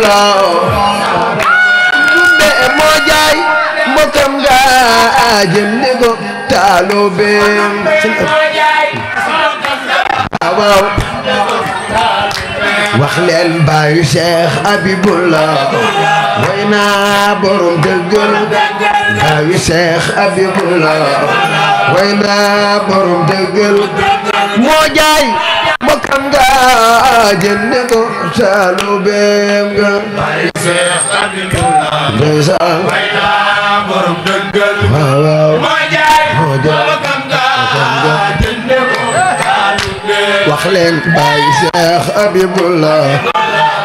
loo tumbe e moo jaay mbokkam wax leen baayu Cheikh Habibullah way naa borom moo jaay bokkam nga jënd ko saalubeem nga bay seex abdullah ndeysaan bay la borom dëggal waaw waaw moo jaay moo jaay bokkam nga jënd ko saalubeem wax leen bay seex abdullah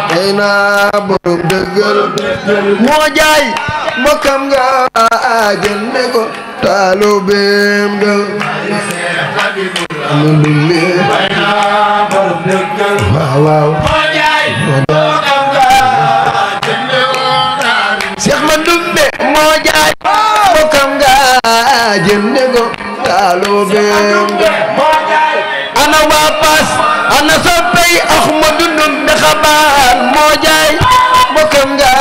bay na borom dëggal moo jaay bokkam nga jënd ko saalubeem nga amul lu leer. waaw waaw. Cheikh Madoumbe moo jaay. bokkam nga jënde ana waa Pass ana soppey Ahmadou Ndoumbe xabaar moo jaay. bokkam nga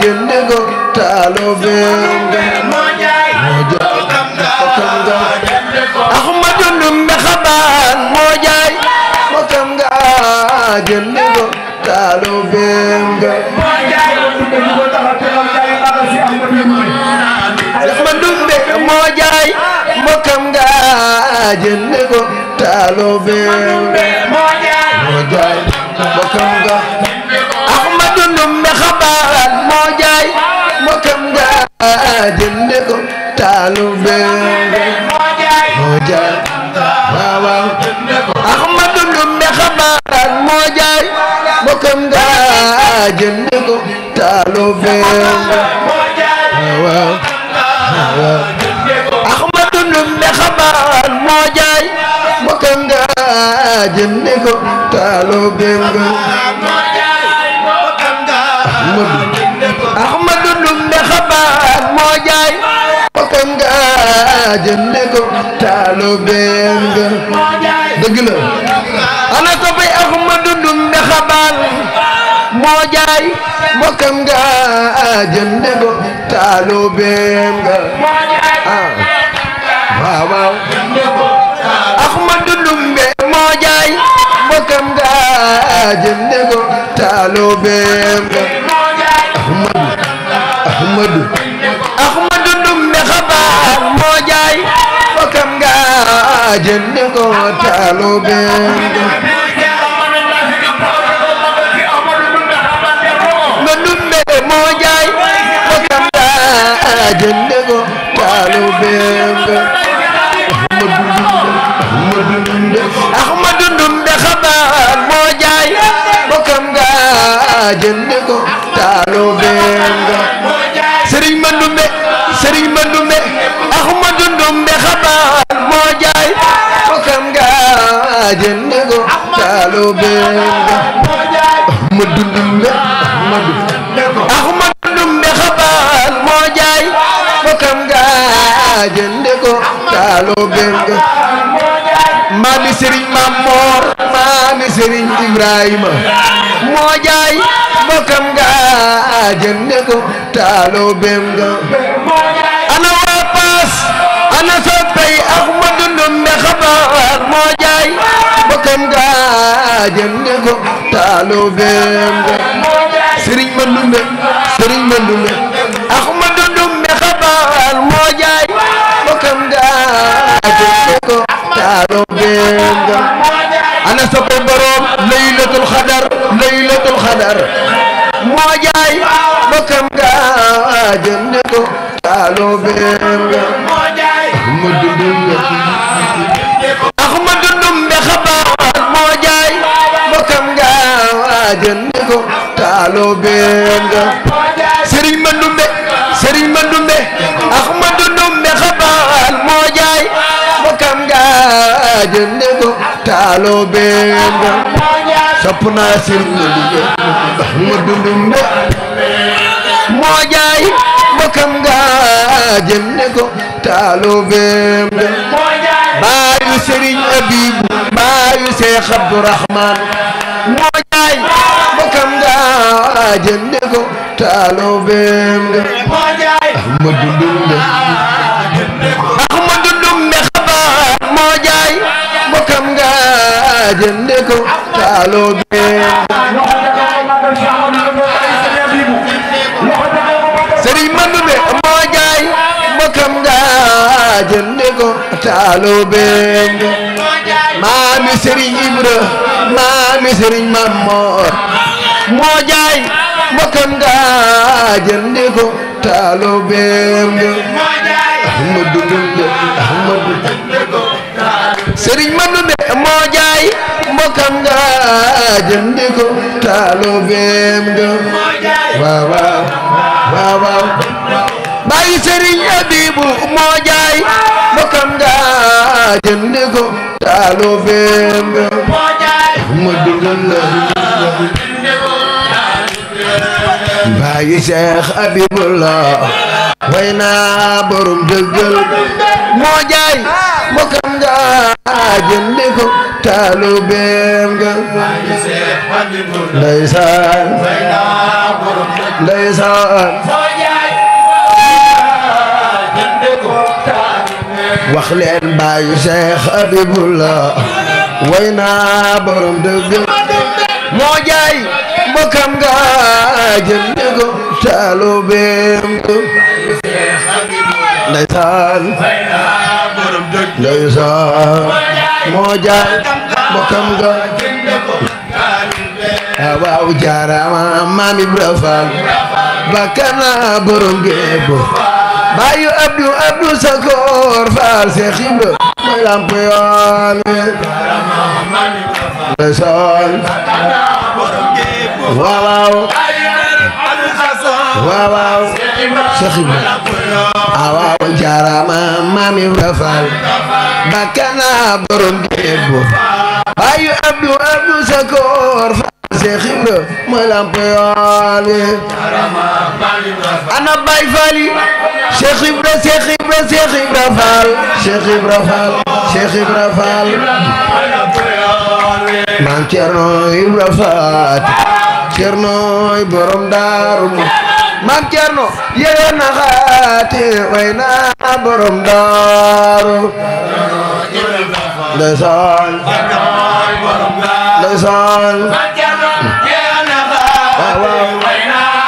jënde ko taalobe. jënd ko taalu beem nga. mooy jaay ma dugg dugg ko taxaw te loolu jaay xaaral si am nga fi ma dugg moo jaay mbokkam nga jënd ko taalu beem nga. moo jaay moo jaay mbokkam nga. Ahmadu Ndumbe xabaar moo jaay mbokkam nga jënd ko taalu beem nga. moo jaay moo jaay waaw waaw. moo jaay bokkam nga jënd ko taalobeem waaw Ahmadu Ndumbe Xabaan moo jaay bokkam nga jënd ko taalobeem nga Ahmadu Ndumbe Xabaan moo jaay bokkam nga jënd ko taalobeem nga dëgg la moo jaay mbokkam nga jënde go taalobeem nga ah, waaw waaw Ahmadu Dumbe moo jaay mbokkam Lo Beng maami Serigne Mam Mor maami Serigne Ibrahima moo jaay bokkam nga jënd ko Taalo Beng ana waa Paas ana soppay ak ma dundum ne xabaar moo jaay bokkam nga jënd ko Taalo Beng Serigne Mandumbe Serigne Mandumbe loo been ga sopp naa sëriñ ndax ma dundum de moo jaay bokkam nga jënde ko taaloo been ga baayu sëriñ abibu baayu seex abdurahmaan moo jaay bokkam nga jënde ko taaloo been ga ma dundum de dialogue Serigne Mandoumbe moo jaay bokkam nga jënde ko taalobe maami Serigne Ibra maami Serigne Mamor moo jaay bokkam nga jënde ko taalobe Ahmadou Dumbe Ahmadou Serigne Mandoumbe moo kan nga jëndi ko taalibeem nga waaw waaw waaw waaw bàyyi sëriñ Abibu moo jaay bokkam nga jëndi ko taalibeem nga ma dugal la bàyyi Cheikh Abibullah way naa borom dëggal moo jaay bokkam nga jëndi ko taalu beem ga ndeysaan ndeysaan wax leen bàyyi Seex Abibullah way naa borom dëgg moo jaay mbokkam nga jënd ko taalu beem ga ndeysaan moo jaay bokkam ga ah, waaw jaarama maam Ibra Faal bakana borom géebo bayu Abdou Abdou Sakor Faal Seex Ibra mooy lamp yoon wi sol waaw waaw waaw Seex Ibra ah waaw jaarama maami rafal bakana borom kebo ayu abdu abdu sakor Seex Ibra ma lamp yoole ana bay fali Seex Ibra Seex Ibra Seex Ibra Faal Seex Ibra Faal Seex Ibra Faal maam Cerno Ibra Faat Cerno borom daaru maam Cerno yéwén na xaati way naa borom daaru ndeysaan ndeysaan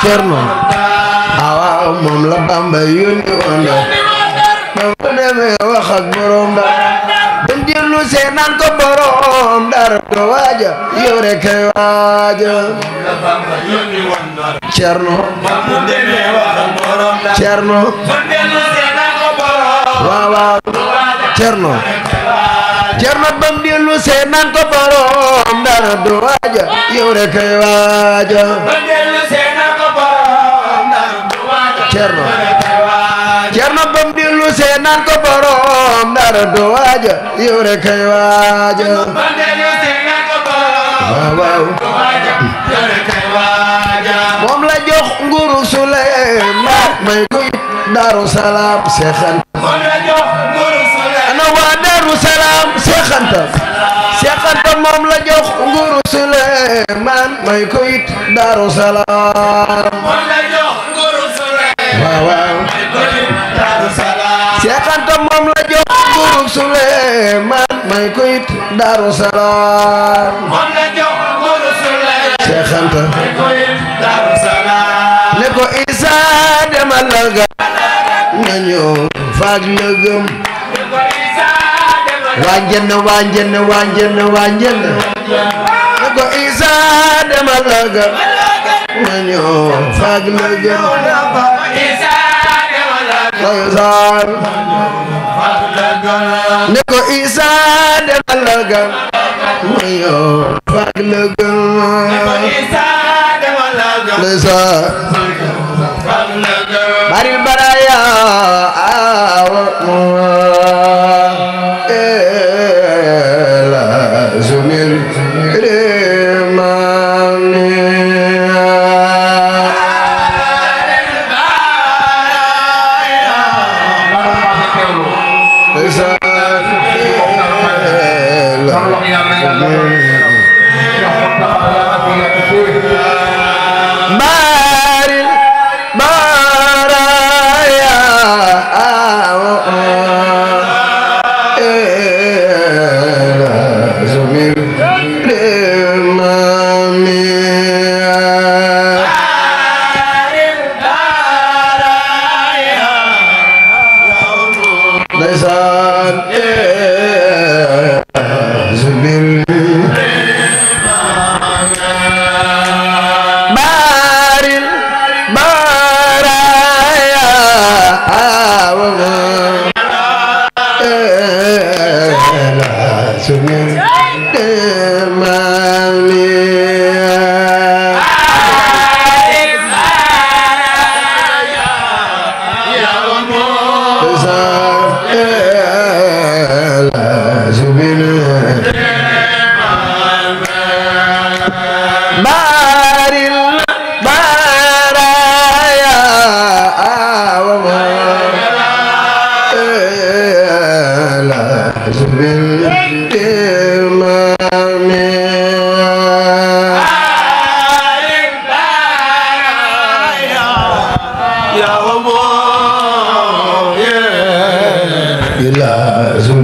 Cerno awaaw moom la Bamba yónni woon da ba mu demee wax ak borom gisee nan ko borom dara do waaja cerno cerno waaw waaw cerno cerno bam dellu see nan ko borom cerno naan ko borom dara du waaja yow rek kay waaja waaw waaw moom la jox nguuru Suleymaan may ko Daaru Salaam Seexanta moom la jox nguuru Suleymaan ana waa Daaru Salaam Seexanta Seexanta moom la jox nguuru Suleymaan may ko it Daaru Salaam moom la jox nguuru Suleymaan waaw waaw seexanta moom la jox buurub Suleymaan may ko it Daaru Salaam moom la jox buurub Suleymaan seexanta may ko it Daaru Salaam ne ko Isa demal la ga nga ñëw faag la gëm waanjen na waanjen na waanjen na waanjen na ne ko Isa demal la ga nga ñëw faag la gëm Kaysar ne ko Isa defal la gan muy yow fàq la gan Kaysar bari baraya awa Hassan. Yeah. يلازم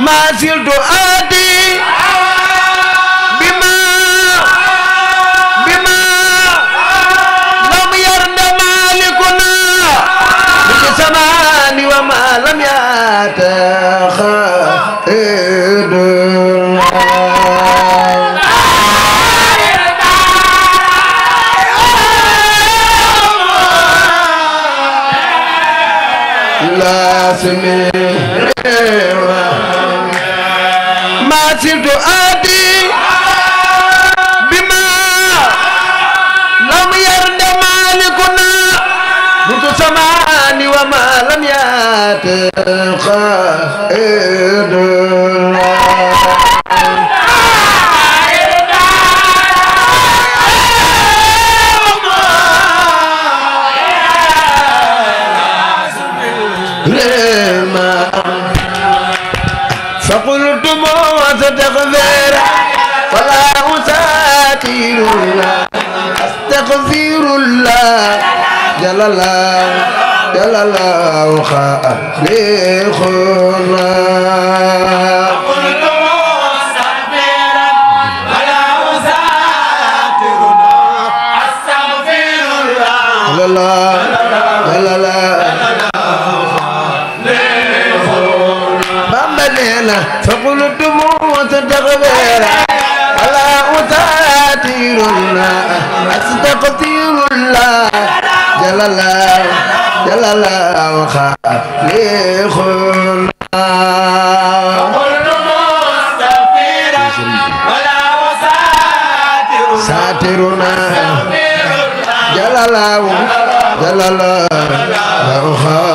ما زلت to me. واستغفر ولا أساتير الله أستغفر الله جل الله جل الله خالقنا جل الله جل الله خالق وكل مستغفرا ولا مساتر ساترنا جل الله جل الله خالق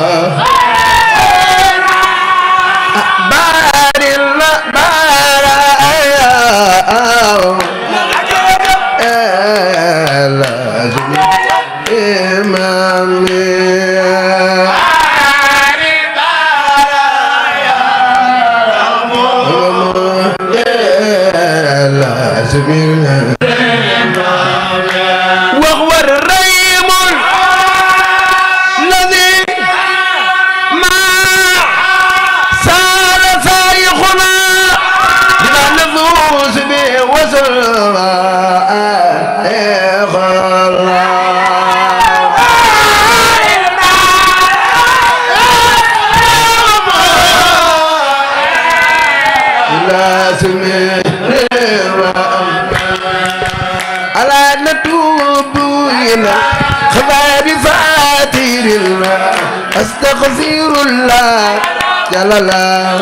الله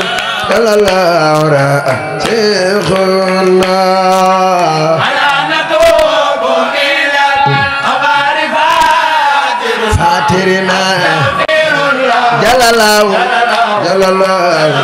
صلى الله على شيخنا على نتوب إلى الأبار فاتر فاترنا جل الله جل الله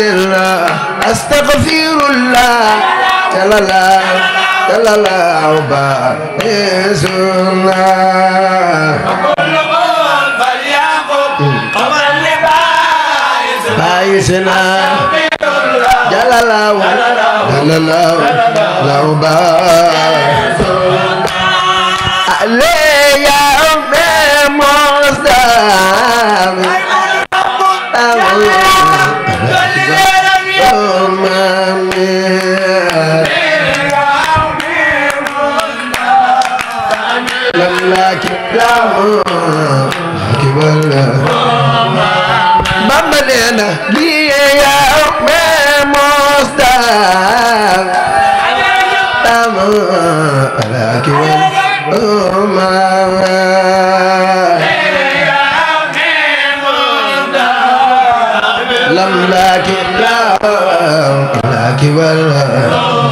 الله استغفر الله تلالا تلالا وبارز الله وكل قول فليقل قبل لبارز بارزنا جلالا جلالا جلالا وبارز الله يا أم مصطفى له كبل بابا لنا لي يا مصدر على كبل لم لكن لا لكن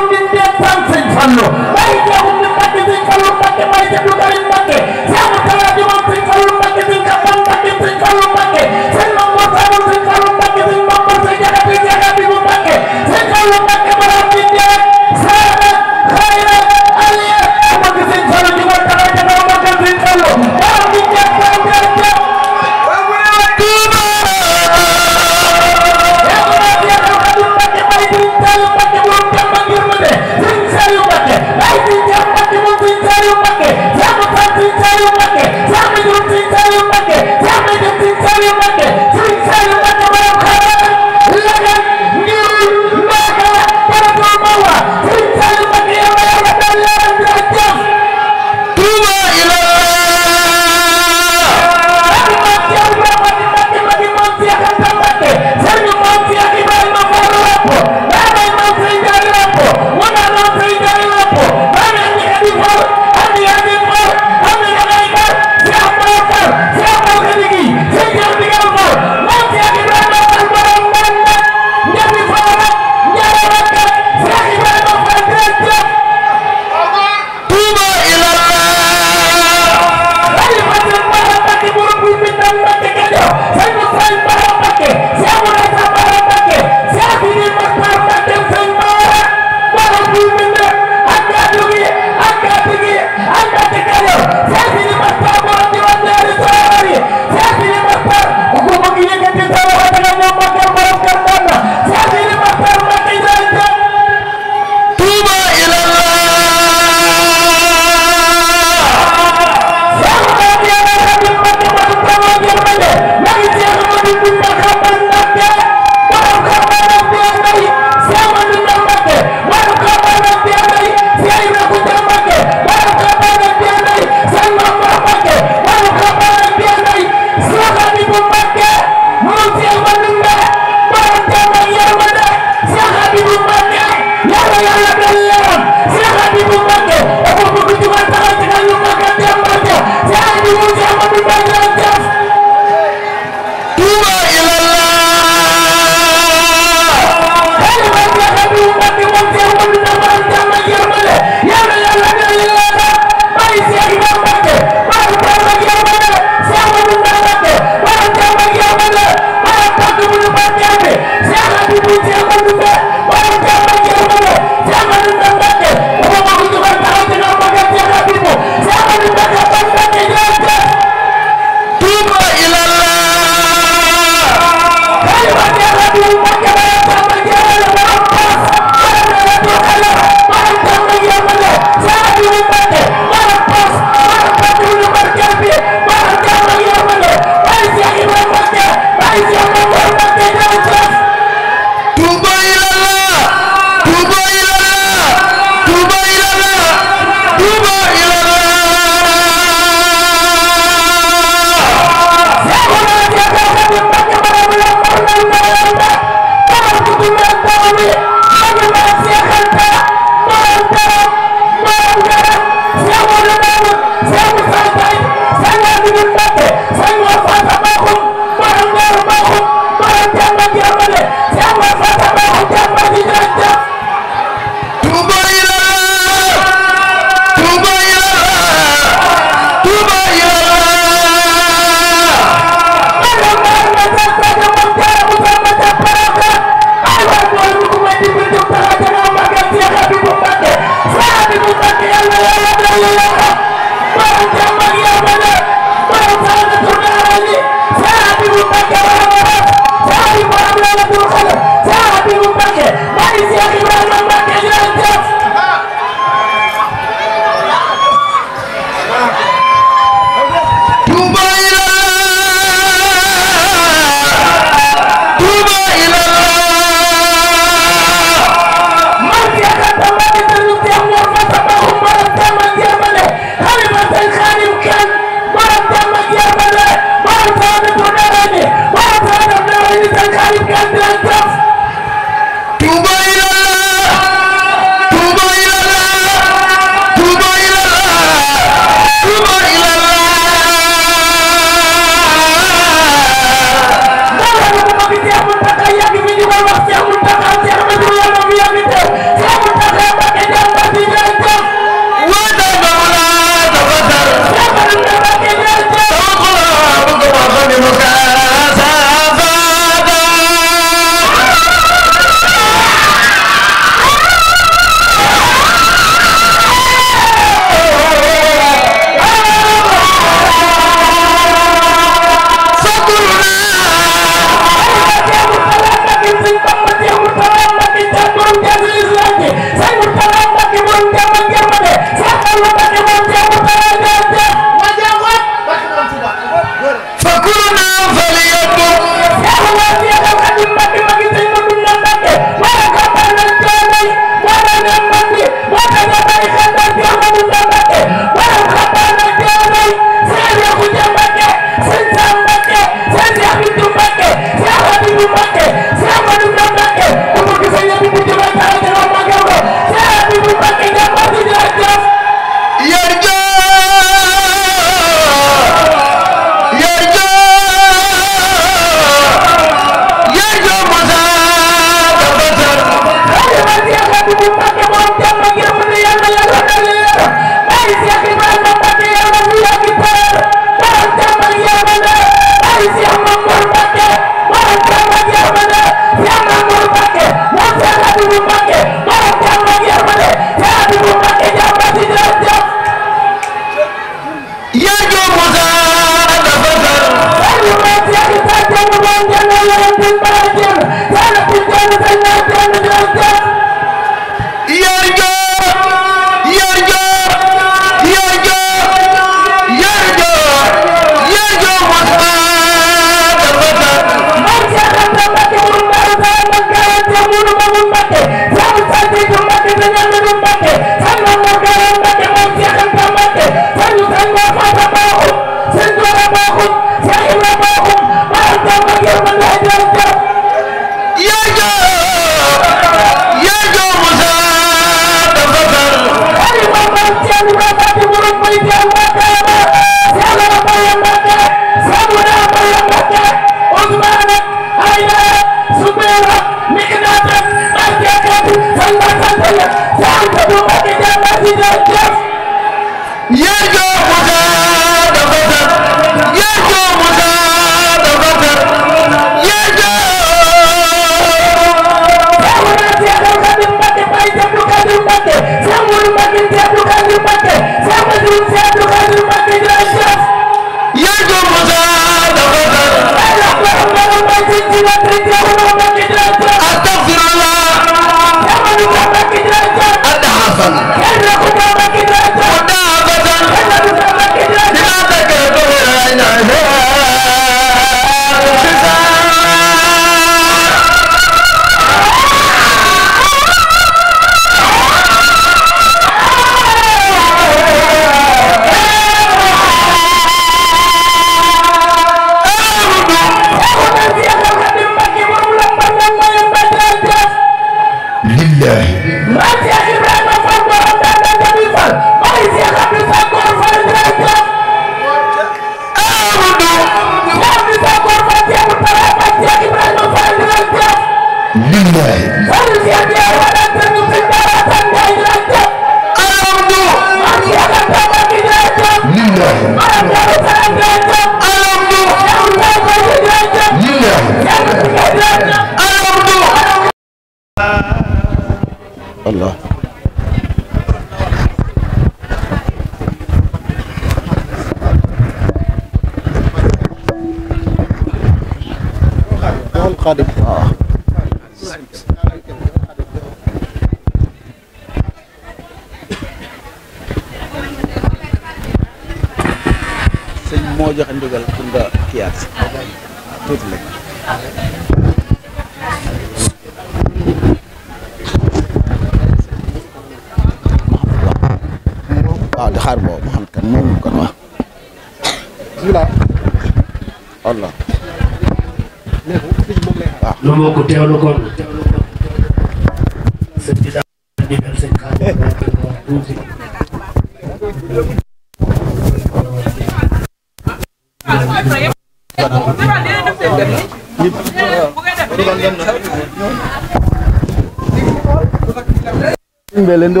Belendo.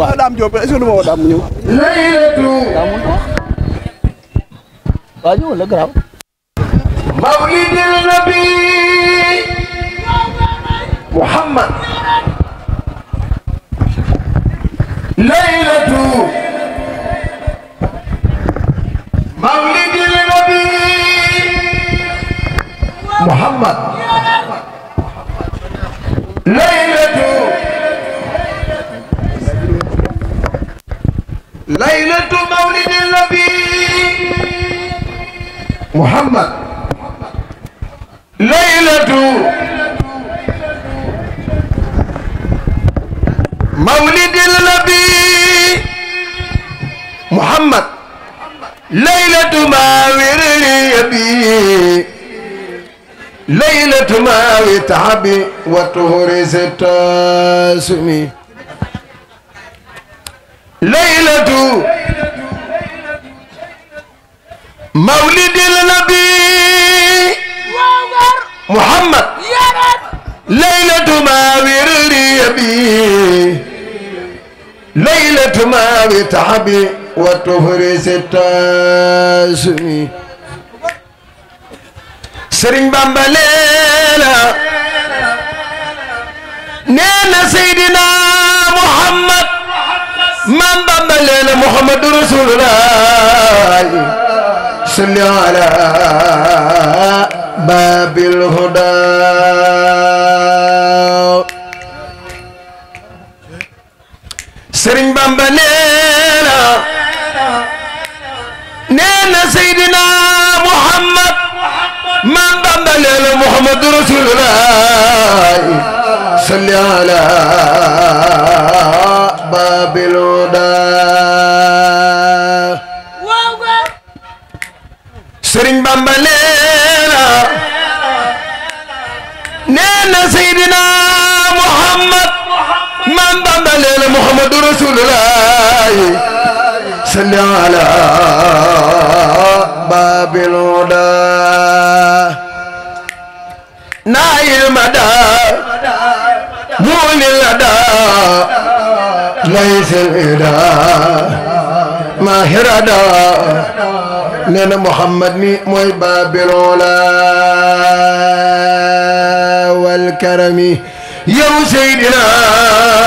waaw daam Diop est-ce que du ma woo daam mu ñëw. waaw ñëwal la garaaw. محمد ليلة مولد النبي محمد ليلة ليلة مولد النبي محمد ليلة ما ويري أبي ليلة ما وتعبي وطهري سمي ليلة مولد النبي محمد ليلة ما ويري أبي ليلة ما وتعبي وتفرس التاسمي سرين بامبا ليلة نينا سيدنا محمد من بامبا ليلة محمد رسول الله صلي على باب الهدى سرين بامبا ليلة na Seydina Muhammad man Bamba leela Muhammad Rasulullah salli ala babil huda Serigne Bamba leela nee na Seydina Muhammad man Bamba leela Muhammad Rasulullah صل على باب الهدى نايل مدى مول الهدى ليس الهدى ما هردى لنا محمد مي باب الهدى والكرم يا سيدنا